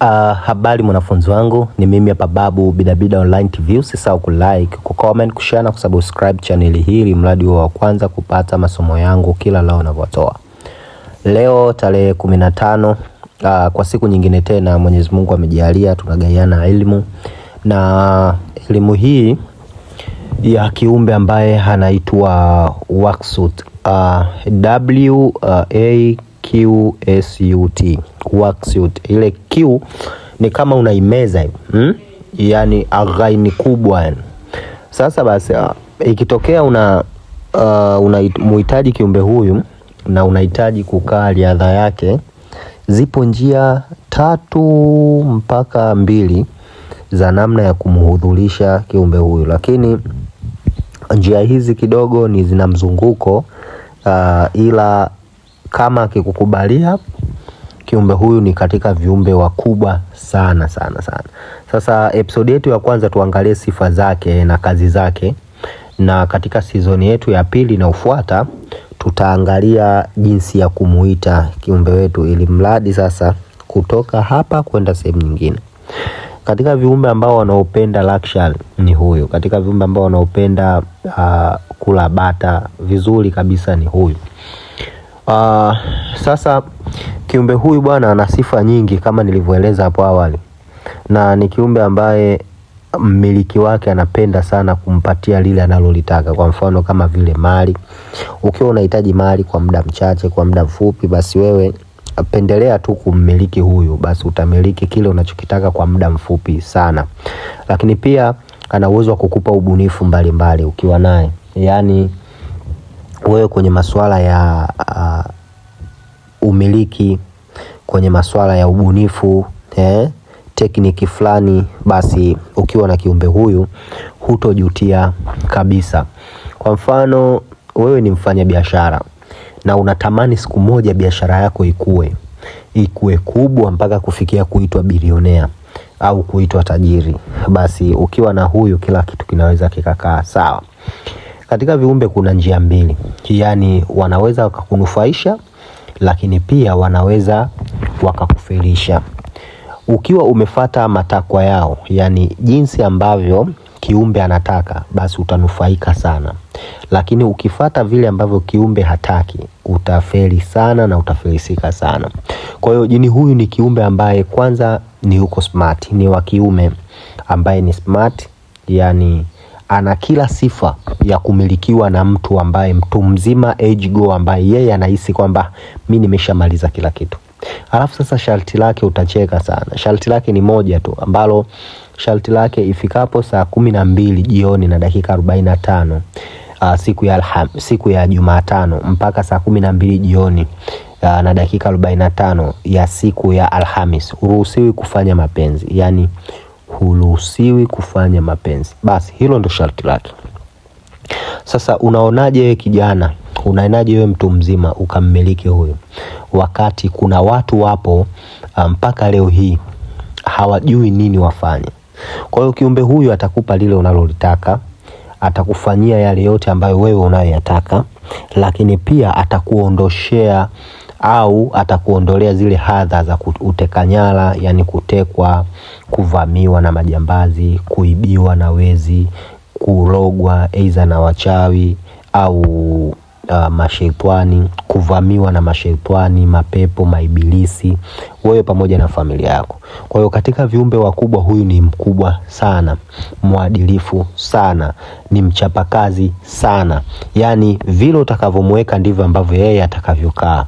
Uh, habari mwanafunzi wangu, ni mimi hapa Babu Bidabida Online TV. Usisahau comment, ku share na kusubscribe channel hili, mradi huo wa kwanza kupata masomo yangu kila leo ninavyotoa. Leo tarehe 15 uh, ah, kwa siku nyingine tena Mwenyezi Mungu amejalia tunagaiana elimu na elimu hii ya kiumbe ambaye anaitwa Waqsut uh, ah, W A Q S U T worksuit. Ile Q ni kama unaimeza hivi hmm? Yani aghaini kubwa yani. Sasa basi ah, ikitokea una uh, ah, unamhitaji kiumbe huyu na unahitaji kukaa riadha yake, zipo njia tatu mpaka mbili za namna ya kumhudhurisha kiumbe huyu, lakini njia hizi kidogo ni zina mzunguko uh, ila kama akikukubalia kiumbe huyu ni katika viumbe wakubwa sana sana sana. Sasa episodi yetu ya kwanza tuangalie sifa zake na kazi zake, na katika sizoni yetu ya pili inayofuata tutaangalia jinsi ya kumuita kiumbe wetu, ili mradi sasa kutoka hapa kwenda sehemu nyingine. Katika viumbe ambao wanaopenda luxury ni huyu. Katika viumbe ambao wanaopenda uh, kula bata vizuri kabisa ni huyu. Uh, sasa Kiumbe huyu bwana ana sifa nyingi kama nilivyoeleza hapo awali, na ni kiumbe ambaye mmiliki wake anapenda sana kumpatia lile analolitaka. Kwa mfano kama vile mali, ukiwa unahitaji mali kwa muda mchache, kwa muda mfupi, basi wewe pendelea tu kummiliki huyu, basi utamiliki kile unachokitaka kwa muda mfupi sana. Lakini pia ana uwezo wa kukupa ubunifu mbalimbali mbali, ukiwa naye yani wewe kwenye masuala ya uh, umiliki kwenye masuala ya ubunifu eh, tekniki fulani, basi ukiwa na kiumbe huyu hutojutia kabisa. Kwa mfano wewe ni mfanya biashara na unatamani siku moja biashara yako ikue ikue kubwa mpaka kufikia kuitwa bilionea au kuitwa tajiri, basi ukiwa na huyu kila kitu kinaweza kikakaa sawa. Katika viumbe kuna njia mbili, yaani wanaweza wakakunufaisha lakini pia wanaweza wakakufelisha ukiwa umefata matakwa yao, yani jinsi ambavyo kiumbe anataka, basi utanufaika sana, lakini ukifata vile ambavyo kiumbe hataki, utafeli sana na utafelisika sana. Kwa hiyo jini huyu ni kiumbe ambaye kwanza ni yuko smart, ni wa kiume ambaye ni smart yani ana kila sifa ya kumilikiwa na mtu ambaye mtu mzima age go, ambaye yeye anahisi kwamba mi nimeshamaliza kila kitu. Alafu sasa sharti lake, utacheka sana, sharti lake ni moja tu, ambalo sharti lake ifikapo saa kumi na mbili jioni na dakika arobaini na tano Uh, siku ya alham, siku ya Jumatano mpaka saa kumi na mbili jioni uh, na dakika arobaini na tano ya siku ya Alhamis, huruhusiwi kufanya mapenzi yani huruhusiwi kufanya mapenzi. Basi hilo ndo sharti lake. Sasa unaonaje wewe kijana, unaonaje wewe mtu mzima ukammiliki huyo, wakati kuna watu wapo ah, mpaka um, leo hii hawajui nini wafanye. Kwa hiyo kiumbe huyu atakupa lile unalolitaka, atakufanyia yale yote ambayo wewe unayoyataka, lakini pia atakuondoshea au atakuondolea zile hadha za utekanyara, yani kutekwa, kuvamiwa na majambazi, kuibiwa na wezi, kurogwa aidha na wachawi au Uh, mashaitani, kuvamiwa na mashaitani, mapepo, maibilisi, wewe pamoja na familia yako. Kwa hiyo katika viumbe wakubwa, huyu ni mkubwa sana, mwadilifu sana, ni mchapakazi sana. Yaani vile utakavyomweka ndivyo ambavyo yeye atakavyokaa.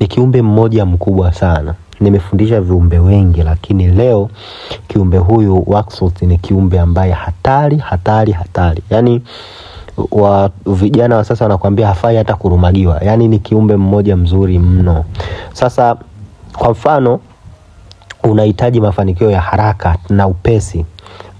Ni kiumbe mmoja mkubwa sana. Nimefundisha viumbe wengi, lakini leo kiumbe huyu Waxwort ni kiumbe ambaye hatari hatari hatari, yaani wa vijana wa sasa wanakuambia hafai hata kurumagiwa, yaani ni kiumbe mmoja mzuri mno. Sasa kwa mfano, unahitaji mafanikio ya haraka na upesi,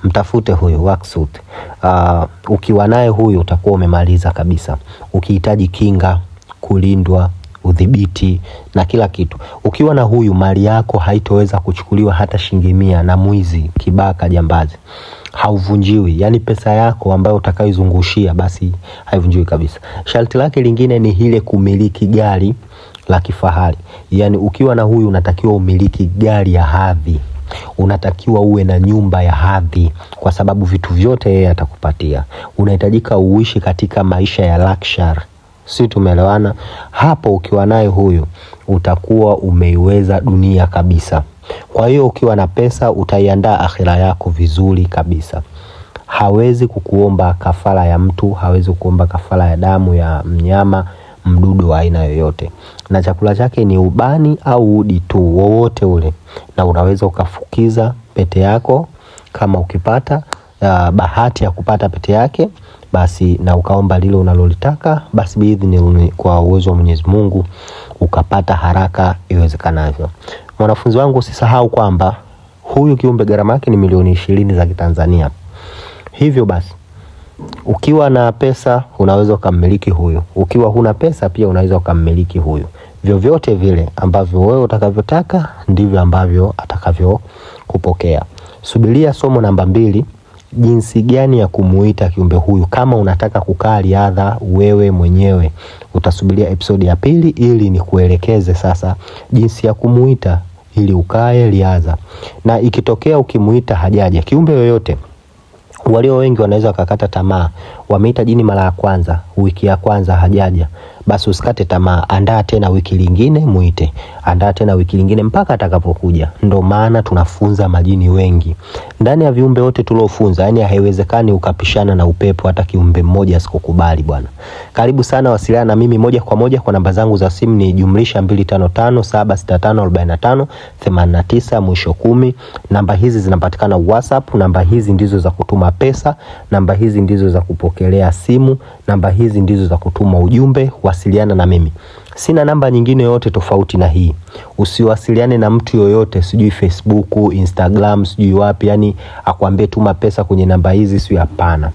mtafute huyu Worksuit. Uh, ukiwa naye huyu utakuwa umemaliza kabisa. Ukihitaji kinga, kulindwa udhibiti na kila kitu, ukiwa na huyu mali yako haitoweza kuchukuliwa hata shilingi mia na mwizi, kibaka, jambazi hauvunjiwi, yani pesa yako ambayo utakaizungushia basi haivunjiwi kabisa. Sharti lake lingine ni ile kumiliki gari la kifahari, yani ukiwa na huyu unatakiwa umiliki gari ya hadhi, unatakiwa uwe na nyumba ya hadhi, kwa sababu vitu vyote yeye atakupatia. Unahitajika uishi katika maisha ya luxury, si tumeelewana hapo? Ukiwa naye huyu utakuwa umeiweza dunia kabisa. Kwa hiyo ukiwa na pesa utaiandaa akhira yako vizuri kabisa. Hawezi kukuomba kafara ya mtu, hawezi kukuomba kafara ya damu ya mnyama, mdudu wa aina yoyote. Na chakula chake ni ubani au udi tu wowote ule, na unaweza ukafukiza pete yako kama ukipata ah, bahati ya kupata pete yake basi, na ukaomba lile unalolitaka basi, biidhni, kwa uwezo wa Mwenyezi Mungu ukapata haraka iwezekanavyo. Mwanafunzi wangu usisahau kwamba huyu kiumbe gharama yake ni milioni ishirini za Kitanzania. Hivyo basi ukiwa na pesa unaweza ukammiliki huyu, ukiwa huna pesa pia unaweza ukammiliki huyu. Vyovyote vile ambavyo wewe utakavyotaka ndivyo ambavyo atakavyokupokea. Subiria somo namba mbili, jinsi gani ya kumuita kiumbe huyu. Kama unataka kukaa riadha wewe mwenyewe, utasubiria episodi ya pili ili nikuelekeze sasa jinsi ya kumuita ili ukae liaza, na ikitokea ukimuita hajaja kiumbe yoyote walio wengi wanaweza wakakata tamaa. Wameita jini mara ya kwanza, wiki ya kwanza hajaja basi usikate tamaa, andaa tena wiki lingine muite, andaa tena wiki lingine mpaka atakapokuja. Ndo maana tunafunza majini wengi ndani ya viumbe wote tuliofunza, yani haiwezekani ukapishana na upepo, hata kiumbe mmoja asikukubali bwana. Karibu sana, wasiliana na mimi moja kwa moja kwa namba zangu za simu ni jumlisha 2557654589 mwisho kumi. Namba hizi zinapatikana WhatsApp, namba hizi ndizo za kutuma pesa, namba hizi ndizo za kupokelea simu, namba hizi ndizo za kutuma ujumbe wa kuwasiliana na mimi. Sina namba nyingine yoyote tofauti na hii. Usiwasiliane na mtu yoyote, sijui Facebook, Instagram, sijui wapi, yani akwambie tuma pesa kwenye namba hizi, sio. Hapana,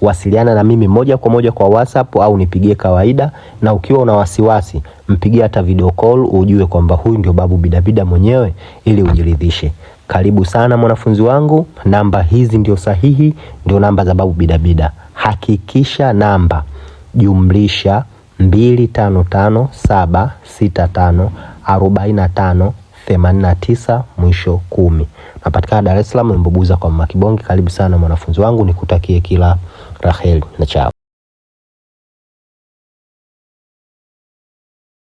wasiliana na mimi moja kwa moja kwa WhatsApp au nipigie kawaida, na ukiwa una wasiwasi mpigie hata video call, ujue kwamba huyu ndio babu bidabida mwenyewe, ili ujiridhishe. Karibu sana mwanafunzi wangu, namba hizi ndio sahihi, ndio namba za babu bidabida. Hakikisha namba jumlisha mbili tano tano saba sita tano tano na tisa mwisho kumi. Napatikana Dar es Salaam Mbubuza kwa Mama Kibonge. Karibu sana mwanafunzi wangu, nikutakie kila raheli na chao.